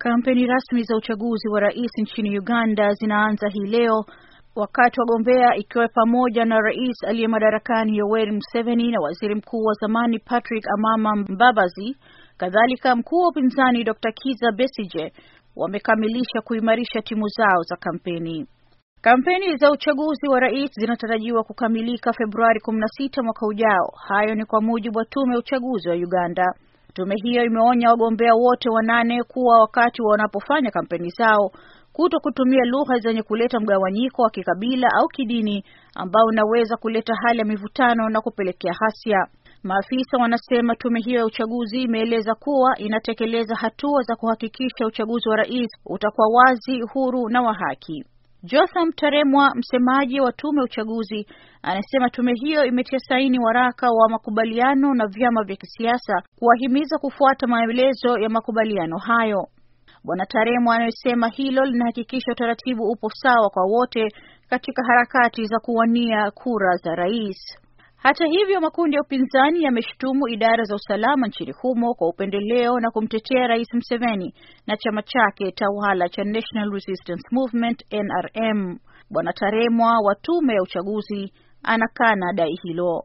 Kampeni rasmi za uchaguzi wa rais nchini Uganda zinaanza hii leo wakati wagombea ikiwa pamoja na rais aliye madarakani Yoweri Museveni na waziri mkuu wa zamani Patrick Amama Mbabazi, kadhalika mkuu wa upinzani Dr. Kiza Besije wamekamilisha kuimarisha timu zao za kampeni. Kampeni za uchaguzi wa rais zinatarajiwa kukamilika Februari 16 mwaka ujao. Hayo ni kwa mujibu wa tume ya uchaguzi wa Uganda. Tume hiyo imeonya wagombea wote wanane kuwa wakati wanapofanya kampeni zao kuto kutumia lugha zenye kuleta mgawanyiko wa kikabila au kidini ambao unaweza kuleta hali ya mivutano na kupelekea hasia. Maafisa wanasema tume hiyo ya uchaguzi imeeleza kuwa inatekeleza hatua za kuhakikisha uchaguzi wa rais utakuwa wazi, huru na wa haki. Jotham Taremwa, msemaji wa tume ya uchaguzi, anasema tume hiyo imetia saini waraka wa makubaliano na vyama vya kisiasa kuwahimiza kufuata maelezo ya makubaliano hayo. Bwana Taremwa anayesema hilo linahakikisha utaratibu upo sawa kwa wote katika harakati za kuwania kura za rais. Hata hivyo, makundi ya upinzani yameshutumu idara za usalama nchini humo kwa upendeleo na kumtetea Rais Museveni na chama chake tawala cha National Resistance Movement NRM. Bwana Taremwa wa tume ya uchaguzi anakana dai hilo.